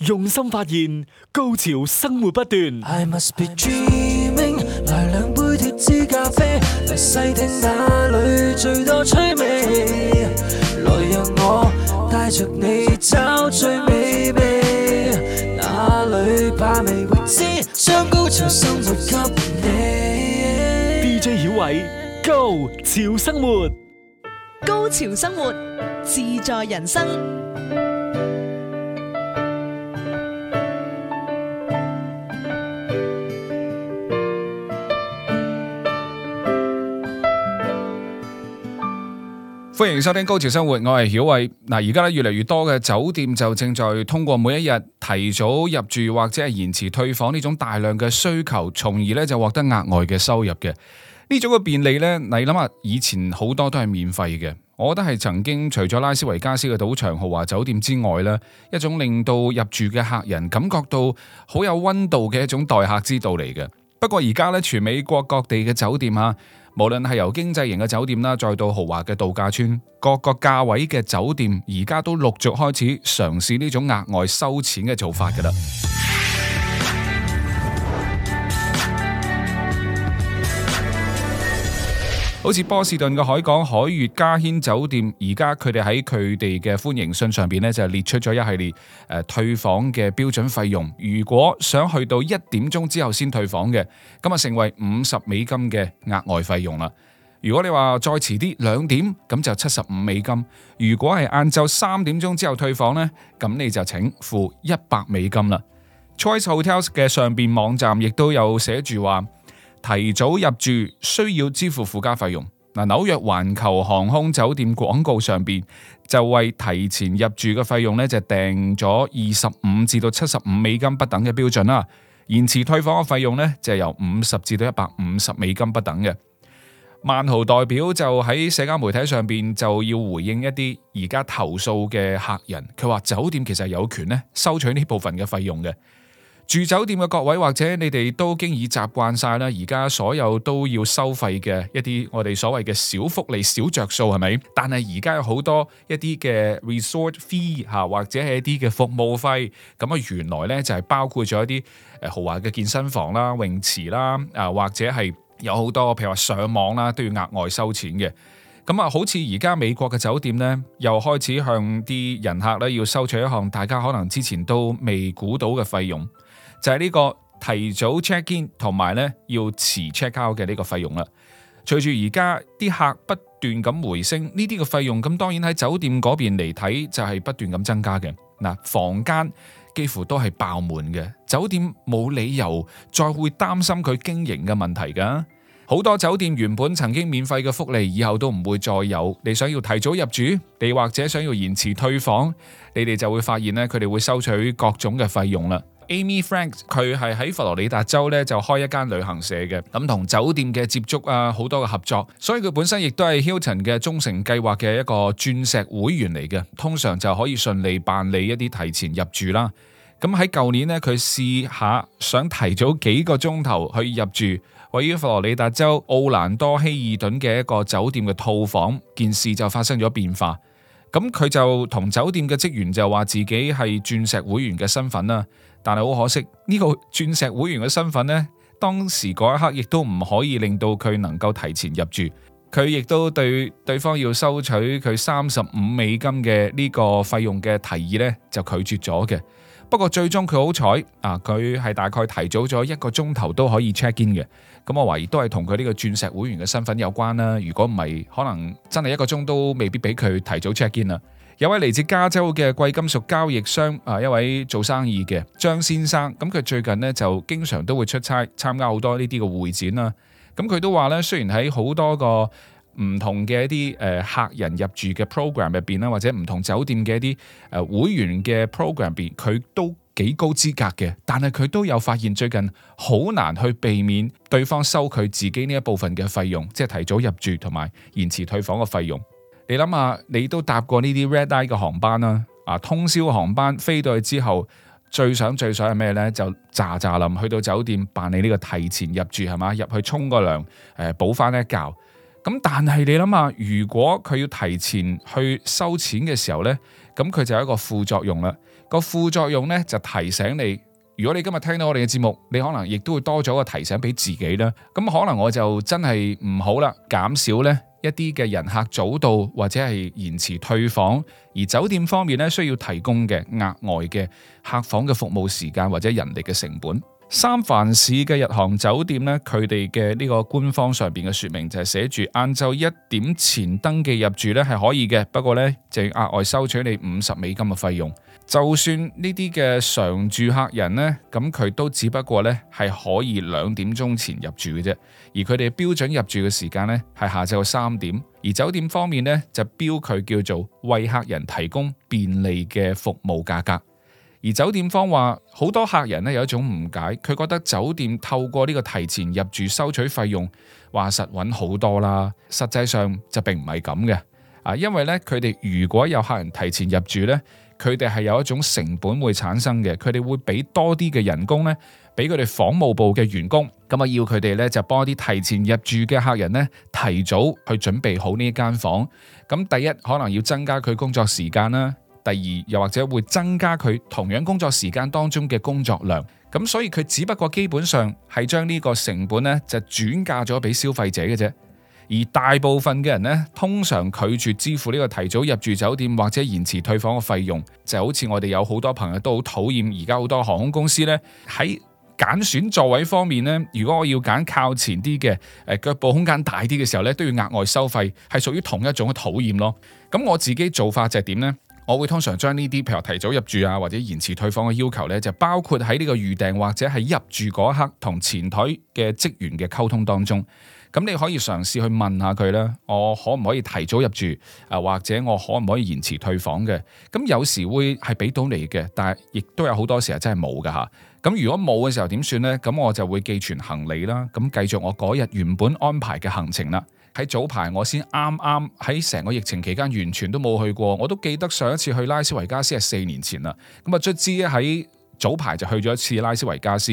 用心發現，高潮生活不斷。DJ 小偉，Go，潮生活，高潮生活，自在人生。歡迎收聽《Go 潮生活》我曉偉，我係曉偉。嗱，而家咧越嚟越多嘅酒店就正在通過每一日提早入住或者係延遲退房呢種大量嘅需求，從而咧就獲得額外嘅收入嘅。呢種嘅便利呢，你諗下，以前好多都係免費嘅。我覺得係曾經除咗拉斯維加斯嘅賭場豪華酒店之外呢一種令到入住嘅客人感覺到好有温度嘅一種待客之道嚟嘅。不過而家呢，全美國各地嘅酒店啊。無論係由經濟型嘅酒店啦，再到豪華嘅度假村，各個價位嘅酒店，而家都陸續開始嘗試呢種額外收錢嘅做法㗎喇。好似波士頓嘅海港海悅家軒酒店，而家佢哋喺佢哋嘅歡迎信上邊咧，就列出咗一系列誒退房嘅標準費用。如果想去到一點鐘之後先退房嘅，咁啊成為五十美金嘅額外費用啦。如果你話再遲啲兩點，咁就七十五美金。如果係晏晝三點鐘之後退房呢，咁你就請付一百美金啦。Choice Hotels 嘅上邊網站亦都有寫住話。提早入住需要支付附加費用。嗱，紐約環球航空酒店廣告上邊就為提前入住嘅費用咧，就訂咗二十五至到七十五美金不等嘅標準啦。延遲退房嘅費用咧，就係由五十至到一百五十美金不等嘅。萬豪代表就喺社交媒體上邊就要回應一啲而家投訴嘅客人，佢話酒店其實有權咧收取呢部分嘅費用嘅。住酒店嘅各位或者你哋都經已習慣晒啦，而家所有都要收費嘅一啲我哋所謂嘅小福利小着數係咪？但係而家有好多一啲嘅 resort fee 吓，或者係一啲嘅服務費，咁啊原來呢，就係包括咗一啲豪華嘅健身房啦、泳池啦啊或者係有好多譬如話上網啦都要額外收錢嘅，咁啊好似而家美國嘅酒店呢，又開始向啲人客咧要收取一項大家可能之前都未估到嘅費用。就係呢個提早 check in 同埋咧要遲 check out 嘅呢個費用啦。隨住而家啲客不斷咁回升，呢啲嘅費用，咁當然喺酒店嗰邊嚟睇就係不斷咁增加嘅。嗱，房間幾乎都係爆滿嘅，酒店冇理由再會擔心佢經營嘅問題噶。好多酒店原本曾經免費嘅福利，以後都唔會再有。你想要提早入住，你或者想要延遲退房，你哋就會發現呢，佢哋會收取各種嘅費用啦。Amy Frank 佢係喺佛羅里達州咧就開一間旅行社嘅，咁同酒店嘅接觸啊，好多嘅合作，所以佢本身亦都係 Hilton 嘅忠誠計劃嘅一個鑽石會員嚟嘅。通常就可以順利辦理一啲提前入住啦。咁喺舊年呢，佢試下想提早幾個鐘頭去入住位於佛羅里達州奧蘭多希爾頓嘅一個酒店嘅套房，件事就發生咗變化。咁佢就同酒店嘅職員就話自己係鑽石會員嘅身份啦。但係好可惜，呢個鑽石會員嘅身份呢，當時嗰一刻亦都唔可以令到佢能夠提前入住，佢亦都對對方要收取佢三十五美金嘅呢個費用嘅提議呢就拒絕咗嘅。不過最終佢好彩啊，佢係大概提早咗一個鐘頭都可以 check in 嘅。咁我懷疑都係同佢呢個鑽石會員嘅身份有關啦。如果唔係，可能真係一個鐘都未必俾佢提早 check in 啦。有位嚟自加州嘅貴金屬交易商啊，一位做生意嘅張先生，咁佢最近呢就經常都會出差參加好多呢啲嘅會展啦。咁佢都話呢，雖然喺好多個唔同嘅一啲誒客人入住嘅 program 入邊啦，或者唔同酒店嘅一啲誒會員嘅 program 入邊，佢都幾高資格嘅，但係佢都有發現最近好難去避免對方收佢自己呢一部分嘅費用，即係提早入住同埋延遲退房嘅費用。你諗下，你都搭過呢啲 red eye 嘅航班啦，啊，通宵航班飛到去之後，最想最想係咩呢？就咋咋林去到酒店辦理呢個提前入住係嘛，入去沖個涼，誒、呃，補翻一覺。咁但係你諗下，如果佢要提前去收錢嘅時候呢，咁佢就有一個副作用啦。個副作用呢，就提醒你，如果你今日聽到我哋嘅節目，你可能亦都會多咗一個提醒俾自己啦。咁可能我就真係唔好啦，減少呢。一啲嘅人客早到或者係延遲退房，而酒店方面咧，需要提供嘅額外嘅客房嘅服務時間或者人力嘅成本。三藩市嘅日航酒店咧，佢哋嘅呢個官方上邊嘅說明就係寫住晏晝一點前登記入住咧，係可以嘅，不過咧就要額外收取你五十美金嘅費用。就算呢啲嘅常住客人呢，咁佢都只不過呢，係可以兩點鐘前入住嘅啫。而佢哋標準入住嘅時間呢，係下晝三點，而酒店方面呢，就標佢叫做為客人提供便利嘅服務價格。而酒店方話，好多客人呢有一種誤解，佢覺得酒店透過呢個提前入住收取費用，話實揾好多啦。實際上就並唔係咁嘅啊，因為呢，佢哋如果有客人提前入住呢。佢哋係有一種成本會產生嘅，佢哋會俾多啲嘅人工咧，俾佢哋房務部嘅員工，咁啊要佢哋呢，就幫啲提前入住嘅客人呢，提早去準備好呢一間房。咁第一可能要增加佢工作時間啦，第二又或者會增加佢同樣工作時間當中嘅工作量。咁所以佢只不過基本上係將呢個成本呢，就轉嫁咗俾消費者嘅啫。而大部分嘅人呢，通常拒絕支付呢個提早入住酒店或者延遲退房嘅費用，就好似我哋有好多朋友都好討厭，而家好多航空公司呢，喺揀選座位方面呢，如果我要揀靠前啲嘅，誒腳部空間大啲嘅時候呢，都要額外收費，係屬於同一種嘅討厭咯。咁我自己做法就係點呢？我會通常將呢啲譬如提早入住啊，或者延遲退房嘅要求呢，就包括喺呢個預訂或者喺入住嗰一刻同前台嘅職員嘅溝通當中。咁你可以嘗試去問下佢咧，我可唔可以提早入住？啊，或者我可唔可以延遲退房嘅？咁有時會係俾到你嘅，但係亦都有好多時候真係冇㗎吓。咁如果冇嘅時候點算呢？咁我就會寄存行李啦，咁繼續我嗰日原本安排嘅行程啦。喺早排我先啱啱喺成個疫情期間完全都冇去過，我都記得上一次去拉斯維加斯係四年前啦。咁啊，卒之喺早排就去咗一次拉斯維加斯。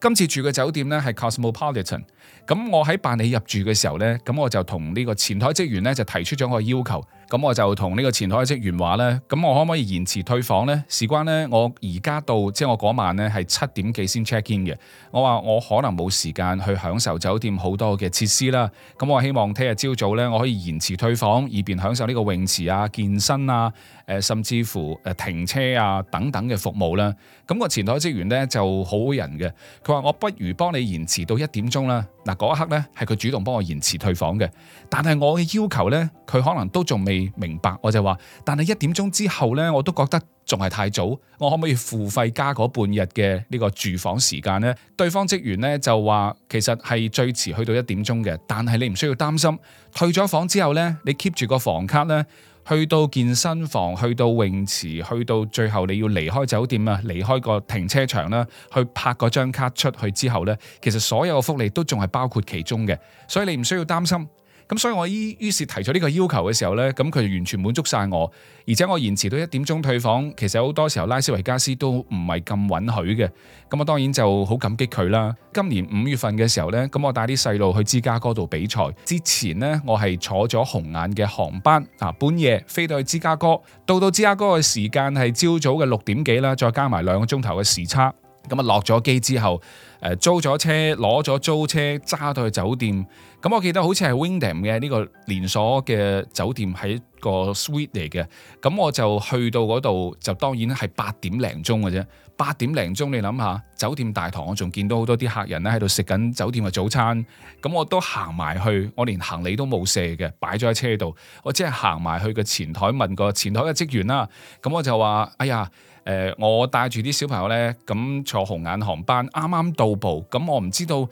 今次住嘅酒店咧係 Cosmopolitan，咁我喺辦理入住嘅時候呢，咁我就同呢個前台職員呢，就提出咗我嘅要求。咁我就同呢個前台嘅職員話呢，咁我可唔可以延遲退房呢？事關呢，就是、我而家到即係我嗰晚呢係七點幾先 check in 嘅。我話我可能冇時間去享受酒店好多嘅設施啦。咁我希望聽日朝早呢，我可以延遲退房，以便享受呢個泳池啊、健身啊、誒、呃、甚至乎誒停車啊等等嘅服務啦。咁、那個前台職員呢就好好人嘅，佢話我不如幫你延遲到一點鐘啦。嗱，嗰一刻咧，係佢主動幫我延遲退房嘅，但係我嘅要求呢，佢可能都仲未明白。我就話，但係一點鐘之後呢，我都覺得仲係太早，我可唔可以付費加嗰半日嘅呢個住房時間呢？對方職員呢，就話，其實係最遲去到一點鐘嘅，但係你唔需要擔心，退咗房之後呢，你 keep 住個房卡呢。去到健身房，去到泳池，去到最後你要離開酒店啊，離開個停車場啦，去拍嗰張卡出去之後咧，其實所有嘅福利都仲係包括其中嘅，所以你唔需要擔心。咁所以我依於是提出呢個要求嘅時候呢，咁佢完全滿足晒我，而且我延遲到一點鐘退房。其實好多時候拉斯維加斯都唔係咁允許嘅。咁我當然就好感激佢啦。今年五月份嘅時候呢，咁我帶啲細路去芝加哥度比賽之前呢，我係坐咗紅眼嘅航班啊，半夜飛到去芝加哥，到到芝加哥嘅時間係朝早嘅六點幾啦，再加埋兩個鐘頭嘅時差。咁啊落咗機之後，誒租咗車，攞咗租車揸到去酒店。咁、嗯、我記得好似係 Wingdam 嘅呢個連鎖嘅酒店，喺個 Suite 嚟嘅。咁、嗯、我就去到嗰度，就當然係八點零鐘嘅啫。八點零鐘你諗下，酒店大堂我仲見到好多啲客人咧喺度食緊酒店嘅早餐。咁、嗯、我都行埋去，我連行李都冇卸嘅，擺咗喺車度。我只係行埋去個前台，問個前台嘅職員啦。咁、嗯、我就話：哎呀！誒、呃，我帶住啲小朋友呢，咁坐紅眼航班，啱啱到步。咁、嗯、我唔知道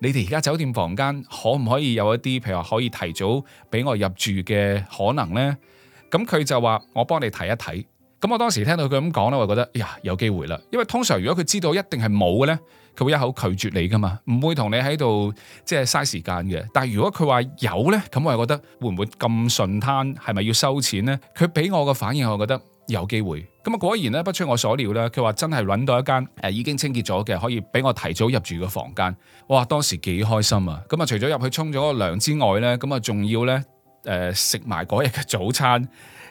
你哋而家酒店房間可唔可以有一啲，譬如話可以提早俾我入住嘅可能呢？咁、嗯、佢就話我幫你睇一睇。咁、嗯、我當時聽到佢咁講呢，我就覺得、哎、呀，有機會啦。因為通常如果佢知道一定係冇嘅呢，佢會一口拒絕你噶嘛，唔會同你喺度即係嘥時間嘅。但係如果佢話有呢，咁我就覺得會唔會咁順攤？係咪要收錢呢？佢俾我個反應，我就覺得。有機會咁啊！果然咧，不出我所料啦。佢話真係揾到一間誒已經清潔咗嘅，可以俾我提早入住嘅房間。哇！當時幾開心啊！咁啊，除咗入去沖咗個涼之外呢，咁啊，仲要呢誒食埋嗰日嘅早餐。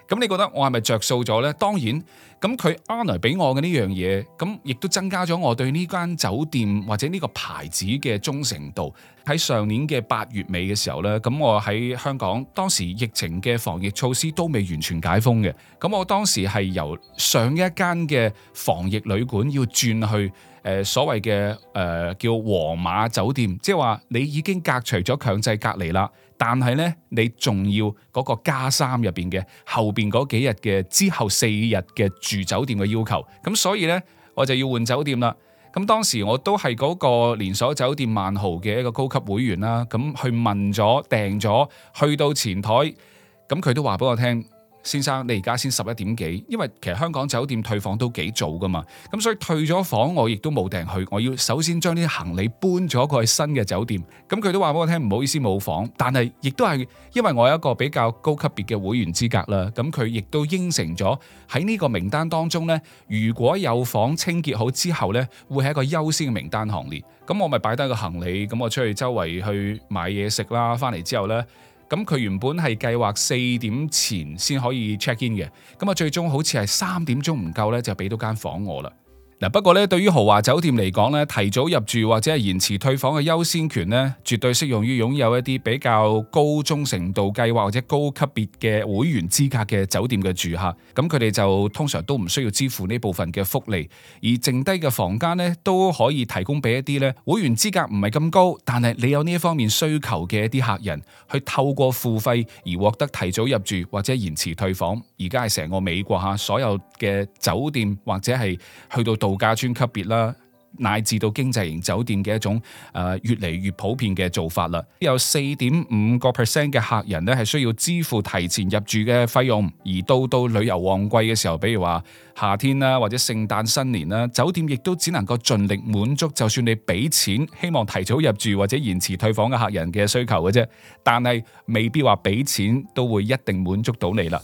咁你覺得我係咪着數咗呢？當然，咁佢阿來俾我嘅呢樣嘢，咁亦都增加咗我對呢間酒店或者呢個牌子嘅忠誠度。喺上年嘅八月尾嘅時候呢，咁我喺香港，當時疫情嘅防疫措施都未完全解封嘅，咁我當時係由上一間嘅防疫旅館要轉去誒、呃、所謂嘅誒、呃、叫皇馬酒店，即係話你已經隔除咗強制隔離啦。但係呢，你仲要嗰個加三入邊嘅後邊嗰幾日嘅之後四日嘅住酒店嘅要求，咁所以呢，我就要換酒店啦。咁當時我都係嗰個連鎖酒店萬豪嘅一個高級會員啦，咁去問咗、訂咗，去到前台，咁佢都話俾我聽。先生，你而家先十一點幾，因為其實香港酒店退房都幾早噶嘛，咁所以退咗房，我亦都冇訂去。我要首先將啲行李搬咗過去新嘅酒店。咁佢都話俾我聽，唔好意思冇房，但係亦都係因為我有一個比較高級別嘅會員資格啦。咁佢亦都應承咗喺呢個名單當中呢，如果有房清潔好之後呢，會係一個優先嘅名單行列。咁我咪擺低個行李，咁我出去周圍去買嘢食啦。翻嚟之後呢。咁佢原本係計劃四點前先可以 check in 嘅，咁啊最終好似係三點鐘唔夠咧，就俾到間房我啦。嗱，不過咧，對於豪華酒店嚟講咧，提早入住或者係延遲退房嘅優先權咧，絕對適用於擁有一啲比較高忠誠度計劃或者高級別嘅會員資格嘅酒店嘅住客。咁佢哋就通常都唔需要支付呢部分嘅福利，而剩低嘅房間咧都可以提供俾一啲咧會員資格唔係咁高，但係你有呢一方面需求嘅一啲客人，去透過付費而獲得提早入住或者延遲退房。而家係成個美國吓所有嘅酒店或者係去到到。度假村級別啦，乃至到經濟型酒店嘅一種誒、呃，越嚟越普遍嘅做法啦。有四點五個 percent 嘅客人咧，係需要支付提前入住嘅費用。而到到旅遊旺季嘅時候，比如話夏天啦，或者聖誕新年啦，酒店亦都只能夠盡力滿足，就算你俾錢，希望提早入住或者延遲退房嘅客人嘅需求嘅啫。但係未必話俾錢都會一定滿足到你啦。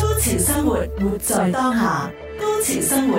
Go 潮生活，活在當下。Go 潮生活。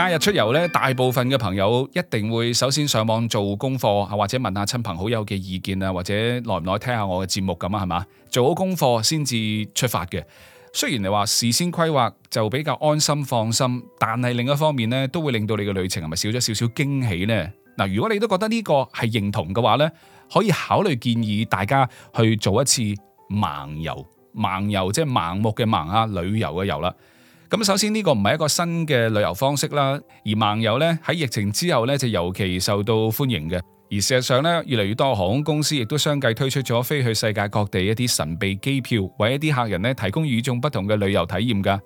假日出遊咧，大部分嘅朋友一定會首先上網做功課，或者問下親朋好友嘅意見啊，或者耐唔耐聽下我嘅節目咁啊，係嘛？做好功課先至出發嘅。雖然你話事先規劃就比較安心放心，但係另一方面咧，都會令到你嘅旅程係咪少咗少少驚喜呢？嗱，如果你都覺得呢個係認同嘅話咧，可以考慮建議大家去做一次盲遊。盲遊即係盲目嘅盲啊，旅遊嘅遊啦。咁首先呢個唔係一個新嘅旅遊方式啦，而盲遊呢，喺疫情之後呢，就尤其受到歡迎嘅。而事實上呢，越嚟越多航空公司亦都相繼推出咗飛去世界各地一啲神秘機票，為一啲客人呢提供與眾不同嘅旅遊體驗噶。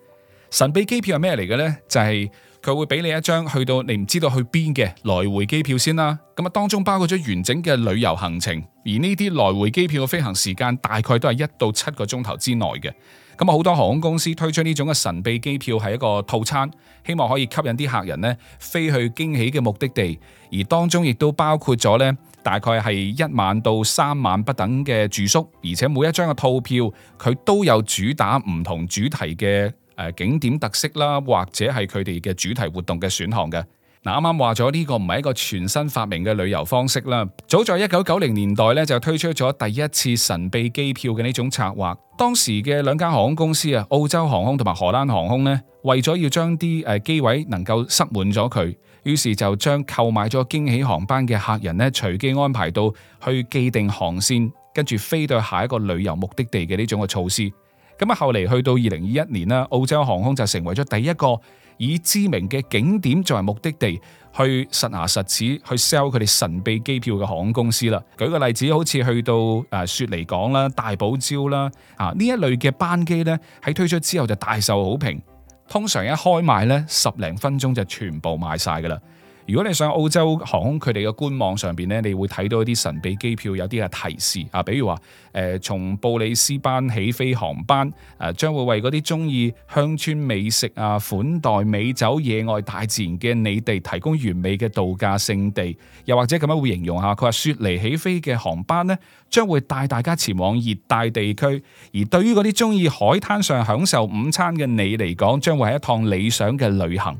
神秘機票係咩嚟嘅呢？就係佢會俾你一張去到你唔知道去邊嘅來回機票先啦。咁啊當中包括咗完整嘅旅遊行程，而呢啲來回機票嘅飛行時間大概都係一到七個鐘頭之內嘅。咁啊，好多航空公司推出呢種嘅神秘機票，係一個套餐，希望可以吸引啲客人呢飛去驚喜嘅目的地，而當中亦都包括咗呢大概係一晚到三晚不等嘅住宿，而且每一張嘅套票佢都有主打唔同主題嘅誒景點特色啦，或者係佢哋嘅主題活動嘅選項嘅。嗱，啱啱話咗呢個唔係一個全新發明嘅旅遊方式啦。早在一九九零年代咧，就推出咗第一次神秘機票嘅呢種策劃。當時嘅兩間航空公司啊，澳洲航空同埋荷蘭航空呢，為咗要將啲誒機位能夠塞滿咗佢，於是就將購買咗驚喜航班嘅客人呢隨機安排到去既定航線，跟住飛到下一個旅遊目的地嘅呢種嘅措施。咁啊，後嚟去到二零二一年啦，澳洲航空就成為咗第一個以知名嘅景點作為目的地去實實，去實牙實齒去 sell 佢哋神秘機票嘅航空公司啦。舉個例子，好似去到誒雪梨港啦、大堡礁啦，啊呢一類嘅班機咧，喺推出之後就大受好評，通常一開賣呢，十零分鐘就全部賣晒噶啦。如果你上澳洲航空佢哋嘅官網上邊咧，你會睇到一啲神秘機票，有啲嘅提示啊，比如話，誒、呃，從布里斯班起飛航班，誒、呃，將會為嗰啲鍾意鄉村美食啊、款待美酒、野外大自然嘅你哋提供完美嘅度假勝地，又或者咁樣會形容下，佢話雪梨起飛嘅航班呢，將會帶大家前往熱帶地區，而對於嗰啲鍾意海灘上享受午餐嘅你嚟講，將會係一趟理想嘅旅行。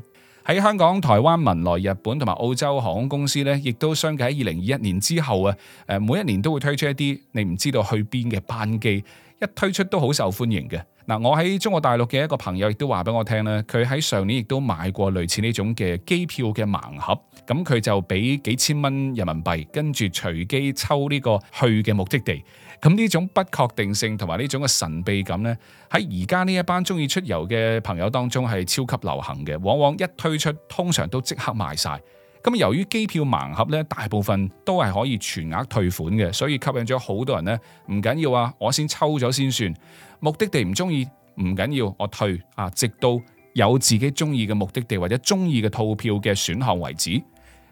喺香港、台灣、文萊、日本同埋澳洲航空公司咧，亦都相繼喺二零二一年之後啊，誒、每一年都會推出一啲你唔知道去邊嘅班機，一推出都好受歡迎嘅。嗱，我喺中國大陸嘅一個朋友亦都話俾我聽啦，佢喺上年亦都買過類似呢種嘅機票嘅盲盒，咁佢就俾幾千蚊人民幣，跟住隨機抽呢個去嘅目的地。咁呢種不確定性同埋呢種嘅神秘感呢，喺而家呢一班中意出遊嘅朋友當中係超級流行嘅，往往一推出通常都即刻賣晒。咁由於機票盲盒呢，大部分都係可以全額退款嘅，所以吸引咗好多人呢，唔緊要啊，我先抽咗先算，目的地唔中意唔緊要，我退啊，直到有自己中意嘅目的地或者中意嘅套票嘅選項為止。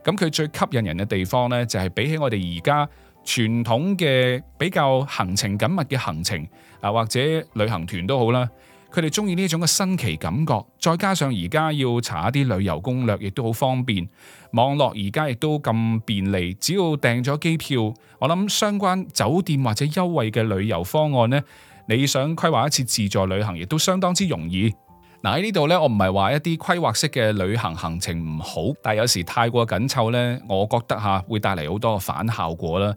咁佢最吸引人嘅地方呢，就係比起我哋而家。傳統嘅比較行程緊密嘅行程啊，或者旅行團都好啦，佢哋中意呢一種嘅新奇感覺，再加上而家要查一啲旅遊攻略，亦都好方便。網絡而家亦都咁便利，只要訂咗機票，我諗相關酒店或者優惠嘅旅遊方案咧，你想規劃一次自助旅行，亦都相當之容易。嗱、啊、喺呢度咧，我唔係話一啲規劃式嘅旅行行程唔好，但係有時太過緊湊呢，我覺得嚇會帶嚟好多反效果啦。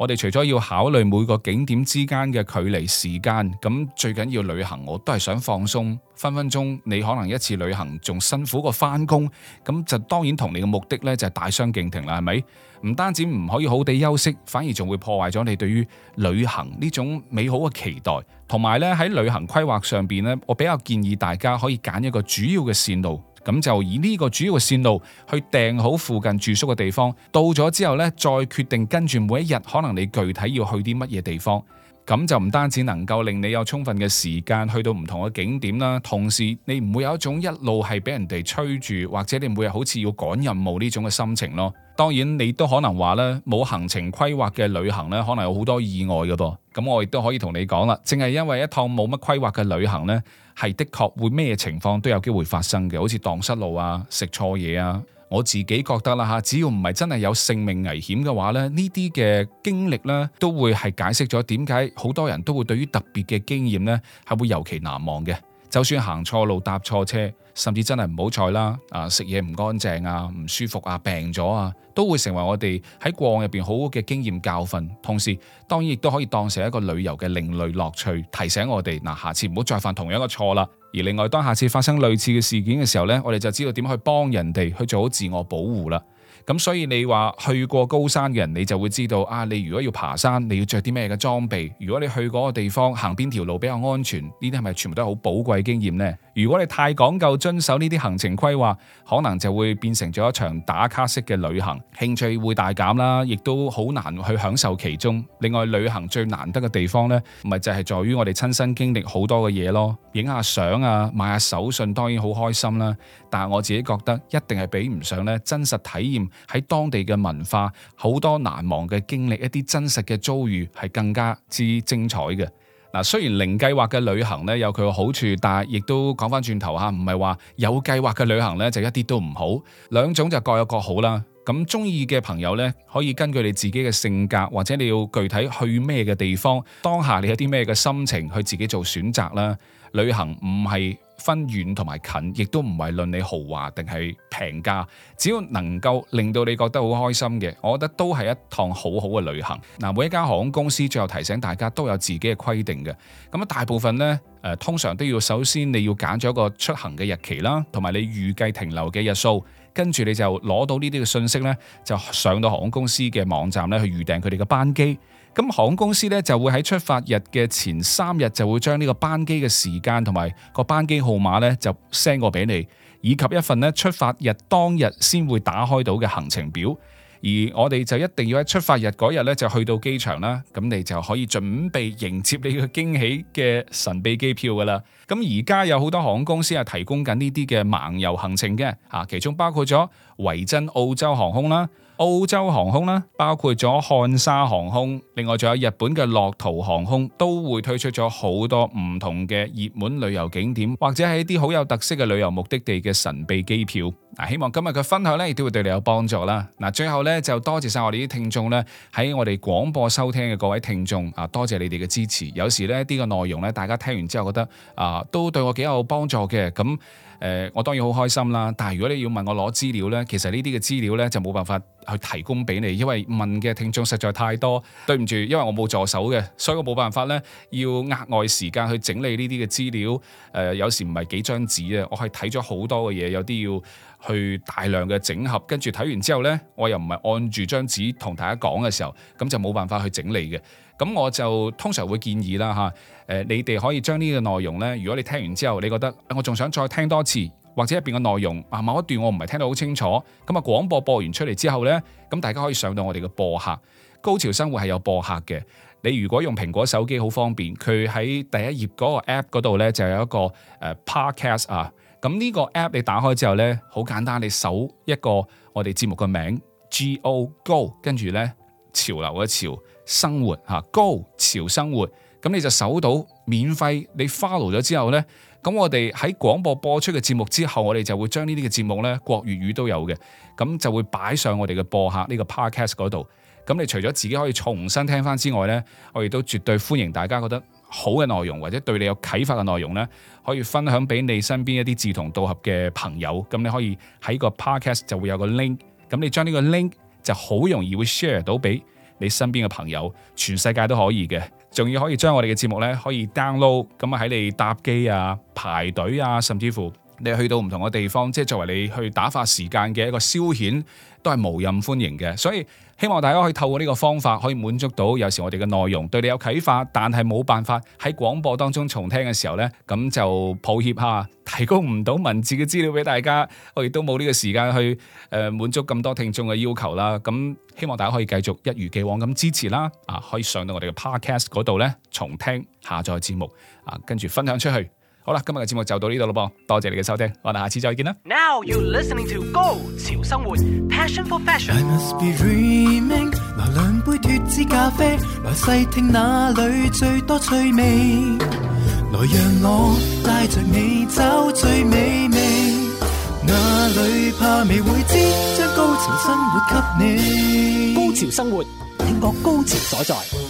我哋除咗要考慮每個景點之間嘅距離時間，咁最緊要旅行我都係想放鬆，分分鐘你可能一次旅行仲辛苦過翻工，咁就當然同你嘅目的咧就係大相徑庭啦，係咪？唔單止唔可以好地休息，反而仲會破壞咗你對於旅行呢種美好嘅期待，同埋咧喺旅行規劃上邊咧，我比較建議大家可以揀一個主要嘅線路。咁就以呢個主要嘅線路去訂好附近住宿嘅地方，到咗之後呢，再決定跟住每一日可能你具體要去啲乜嘢地方。咁就唔單止能夠令你有充分嘅時間去到唔同嘅景點啦，同時你唔會有一種一路係俾人哋催住，或者你每日好似要趕任務呢種嘅心情咯。當然你都可能話呢，冇行程規劃嘅旅行呢，可能有好多意外嘅噃。咁我亦都可以同你講啦，正係因為一趟冇乜規劃嘅旅行呢，係的確會咩情況都有機會發生嘅，好似蕩失路啊、食錯嘢啊。我自己覺得啦嚇，只要唔係真係有性命危險嘅話咧，呢啲嘅經歷咧，都會係解釋咗點解好多人都會對於特別嘅經驗咧係會尤其難忘嘅，就算行錯路，搭錯車。甚至真係唔好彩啦，啊食嘢唔乾淨啊，唔舒服啊，病咗啊，都會成為我哋喺過往入邊好好嘅經驗教訓。同時，當然亦都可以當成一個旅遊嘅另類樂趣，提醒我哋嗱、啊，下次唔好再犯同樣嘅錯啦。而另外，當下次發生類似嘅事件嘅時候呢，我哋就知道點去幫人哋去做好自我保護啦。咁所以你話去過高山嘅人，你就會知道啊，你如果要爬山，你要着啲咩嘅裝備？如果你去嗰個地方行邊條路比較安全，呢啲係咪全部都係好寶貴經驗呢？如果你太講究遵守呢啲行程規劃，可能就會變成咗一場打卡式嘅旅行，興趣會大減啦，亦都好難去享受其中。另外，旅行最難得嘅地方呢，咪就係在於我哋親身經歷好多嘅嘢咯，影下相啊，買下手信當然好開心啦。但係我自己覺得，一定係比唔上呢真實體驗喺當地嘅文化，好多難忘嘅經歷，一啲真實嘅遭遇係更加之精彩嘅。嗱，雖然零計劃嘅旅行咧有佢個好處，但係亦都講返轉頭吓，唔係話有計劃嘅旅行咧就一啲都唔好，兩種就各有各好啦。咁鍾意嘅朋友咧，可以根據你自己嘅性格，或者你要具體去咩嘅地方，當下你有啲咩嘅心情，去自己做選擇啦。旅行唔係分遠同埋近，亦都唔係論你豪華定係平價，只要能夠令到你覺得好開心嘅，我覺得都係一趟好好嘅旅行。嗱，每一間航空公司最後提醒大家都有自己嘅規定嘅，咁啊大部分呢，誒、呃、通常都要首先你要揀咗一個出行嘅日期啦，同埋你預計停留嘅日數。跟住你就攞到呢啲嘅信息呢，就上到航空公司嘅網站呢，去預訂佢哋嘅班機。咁航空公司呢，就會喺出發日嘅前三日就會將呢個班機嘅時間同埋個班機號碼呢，就 send 過俾你，以及一份呢出發日當日先會打開到嘅行程表。而我哋就一定要喺出發日嗰日咧，就去到機場啦，咁你就可以準備迎接你嘅驚喜嘅神秘機票噶啦。咁而家有好多航空公司係提供緊呢啲嘅盲遊行程嘅，啊，其中包括咗維珍澳洲航空啦。澳洲航空啦，包括咗漢莎航空，另外仲有日本嘅樂途航空，都會推出咗好多唔同嘅熱門旅遊景點，或者係一啲好有特色嘅旅遊目的地嘅神秘機票。嗱，希望今日嘅分享呢，亦都會對你有幫助啦。嗱，最後呢，就多謝晒我哋啲聽眾呢，喺我哋廣播收聽嘅各位聽眾啊，多謝你哋嘅支持。有時呢啲個內容呢，大家聽完之後覺得啊，都對我幾有幫助嘅咁。誒，我當然好開心啦。但係如果你要問我攞資料呢，其實呢啲嘅資料呢，就冇辦法去提供俾你，因為問嘅聽眾實在太多，對唔住，因為我冇助手嘅，所以我冇辦法呢，要額外時間去整理呢啲嘅資料。誒，有時唔係幾張紙啊，我係睇咗好多嘅嘢，有啲要去大量嘅整合，跟住睇完之後呢，我又唔係按住張紙同大家講嘅時候，咁就冇辦法去整理嘅。咁我就通常會建議啦，嚇誒，你哋可以將呢個內容呢，如果你聽完之後，你覺得我仲想再聽多次，或者入邊個內容啊，某一段我唔係聽得好清楚，咁啊廣播播完出嚟之後呢，咁大家可以上到我哋嘅播客。Go 潮生活係有播客嘅。你如果用蘋果手機好方便，佢喺第一頁嗰個 app 嗰度呢，就有一個誒 podcast 啊。咁呢個 app 你打開之後呢，好簡單，你搜一個我哋節目嘅名 G O Go，跟住呢，潮流一潮。生活嚇，Go 潮生活，咁你就搜到免費，你 follow 咗之後呢，咁我哋喺廣播播出嘅節目之後，我哋就會將呢啲嘅節目呢國粵語都有嘅，咁就會擺上我哋嘅播客呢個 podcast 嗰度。咁你除咗自己可以重新聽返之外呢，我亦都絕對歡迎大家覺得好嘅內容，或者對你有啟發嘅內容呢，可以分享俾你身邊一啲志同道合嘅朋友。咁你可以喺個 podcast 就會有個 link，咁你將呢個 link 就好容易會 share 到俾。你身邊嘅朋友，全世界都可以嘅，仲要可以將我哋嘅節目呢可以 download，咁啊喺你搭機啊、排隊啊，甚至乎你去到唔同嘅地方，即係作為你去打發時間嘅一個消遣，都係無任歡迎嘅，所以。希望大家可以透過呢個方法可以滿足到有時我哋嘅內容對你有啟發，但係冇辦法喺廣播當中重聽嘅時候呢，咁就抱歉吓，提供唔到文字嘅資料俾大家，我亦都冇呢個時間去誒、呃、滿足咁多聽眾嘅要求啦。咁希望大家可以繼續一如既往咁支持啦，啊，可以上到我哋嘅 Podcast 嗰度呢，重聽下載節目，啊，跟住分享出去。好啦，今日嘅節目就到呢度咯噃，多謝你嘅收聽，我哋下次再見啦。Now you listening toGo 潮生活，passion for fashion。I must be dreaming。來兩杯脱脂咖啡，來細聽哪裏最多趣味。來讓我帶着你找最美味，哪裏怕未會知，將 Go 潮生活給你。Go 潮生活，聽覺高潮所在。